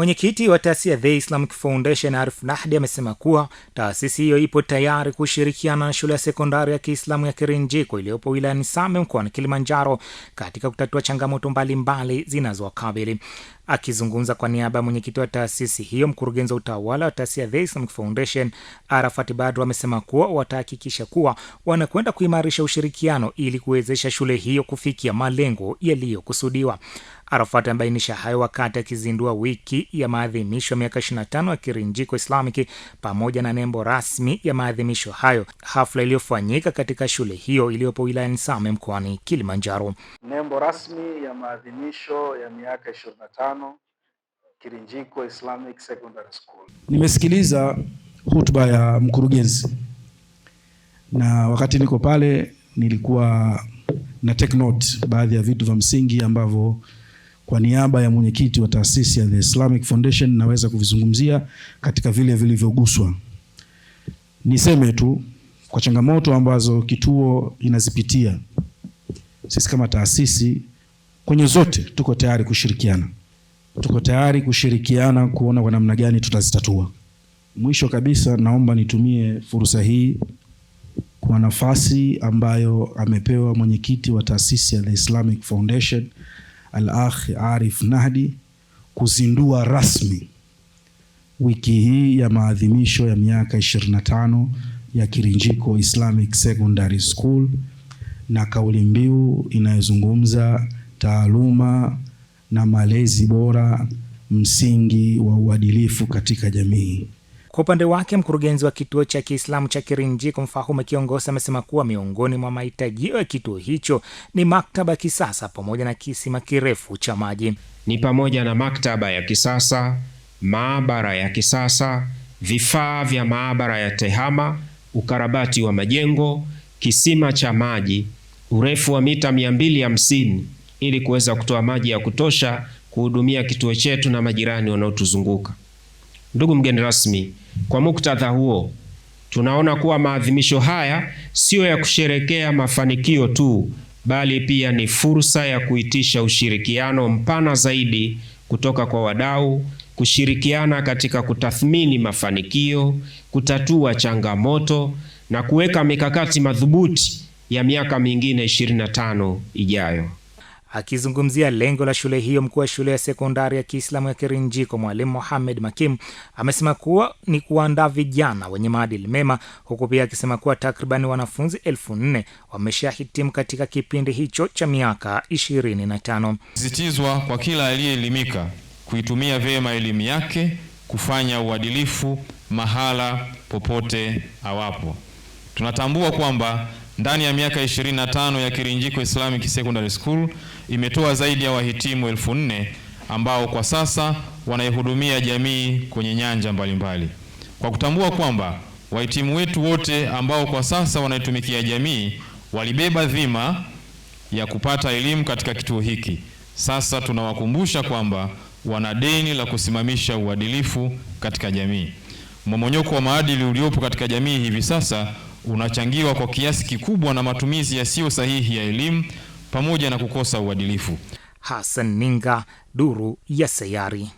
Mwenyekiti wa taasisi ya The Islamic Foundation Arif Nahdi amesema kuwa taasisi hiyo ipo tayari kushirikiana na shule ya sekondari ya Kiislamu ya Kirinjiko iliyopo wilayani Same mkoani Kilimanjaro katika kutatua changamoto mbalimbali zinazowakabili. Akizungumza kwa niaba ya mwenyekiti wa taasisi hiyo, mkurugenzi wa utawala wa taasisi ya The Islamic Foundation Arafat Badru amesema kuwa watahakikisha kuwa wanakwenda kuimarisha ushirikiano ili kuwezesha shule hiyo kufikia malengo yaliyokusudiwa. Arafat amebainisha hayo wakati akizindua wiki ya maadhimisho ya miaka 25 ya Kirinjiko islamic pamoja na nembo rasmi ya maadhimisho hayo, hafla iliyofanyika katika shule hiyo iliyopo wilayani Same mkoani Kilimanjaro. Nembo rasmi ya maadhimisho ya miaka 25 tano Kirinjiko Islamic Secondary School. Nimesikiliza hutuba ya mkurugenzi na wakati niko pale nilikuwa na take note baadhi ya vitu vya msingi ambavyo kwa niaba ya mwenyekiti wa taasisi ya The Islamic Foundation naweza kuvizungumzia katika vile vilivyoguswa. Niseme tu kwa changamoto ambazo kituo inazipitia, sisi kama taasisi kwenye zote tuko tayari kushirikiana tuko tayari kushirikiana kuona kwa namna gani tutazitatua. Mwisho kabisa, naomba nitumie fursa hii kwa nafasi ambayo amepewa mwenyekiti wa taasisi ya The Islamic Foundation Al-Akh Arif Nahdi kuzindua rasmi wiki hii ya maadhimisho ya miaka 25 ya Kirinjiko Islamic Secondary School na kauli mbiu inayozungumza taaluma na malezi bora, msingi wa uadilifu katika jamii. Kwa upande wake mkurugenzi wa kituo cha Kiislamu cha Kirinji Kumfahume Kiongosi amesema kuwa miongoni mwa mahitajio ya kituo hicho ni maktaba ya kisasa pamoja na kisima kirefu cha maji, ni pamoja na maktaba ya kisasa, maabara ya kisasa, vifaa vya maabara ya tehama, ukarabati wa majengo, kisima cha maji urefu wa mita 250 ili kuweza kutoa maji ya kutosha kuhudumia kituo chetu na majirani wanaotuzunguka. Ndugu mgeni rasmi, kwa muktadha huo tunaona kuwa maadhimisho haya siyo ya kusherekea mafanikio tu, bali pia ni fursa ya kuitisha ushirikiano mpana zaidi kutoka kwa wadau, kushirikiana katika kutathmini mafanikio, kutatua changamoto na kuweka mikakati madhubuti ya miaka mingine 25 ijayo. Akizungumzia lengo la shule hiyo, mkuu wa shule ya sekondari ya Kiislamu ya Kirinjiko, Mwalimu Mohamed Makim, amesema kuwa ni kuandaa vijana wenye maadili mema, huku pia akisema kuwa takribani wanafunzi elfu nne wameshahitimu katika kipindi hicho cha miaka ishirini tano. Sisitizwa kwa kila aliyeelimika kuitumia vyema elimu yake kufanya uadilifu mahala popote awapo. Tunatambua kwamba ndani ya miaka 25 ya Kirinjiko Islamic Secondary School imetoa zaidi ya wahitimu elfu nne ambao kwa sasa wanaihudumia jamii kwenye nyanja mbalimbali mbali. Kwa kutambua kwamba wahitimu wetu wote ambao kwa sasa wanaitumikia jamii walibeba dhima ya kupata elimu katika kituo hiki, sasa tunawakumbusha kwamba wana deni la kusimamisha uadilifu katika jamii. Mmomonyoko wa maadili uliopo katika jamii hivi sasa unachangiwa kwa kiasi kikubwa na matumizi yasiyo sahihi ya elimu pamoja na kukosa uadilifu. Hassan ninga duru ya Sayari.